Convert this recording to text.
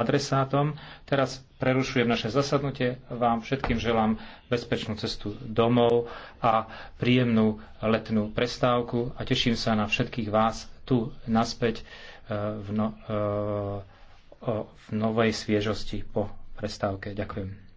adresátom. Teraz prerušujem naše zasadnutie. Vám všetkým želám bezpečnú cestu domov a príjemnú letnú prestávku a teším sa na všetkých vás tu naspäť eh, v, no, eh, v novej sviežosti po prestávke. Ďakujem.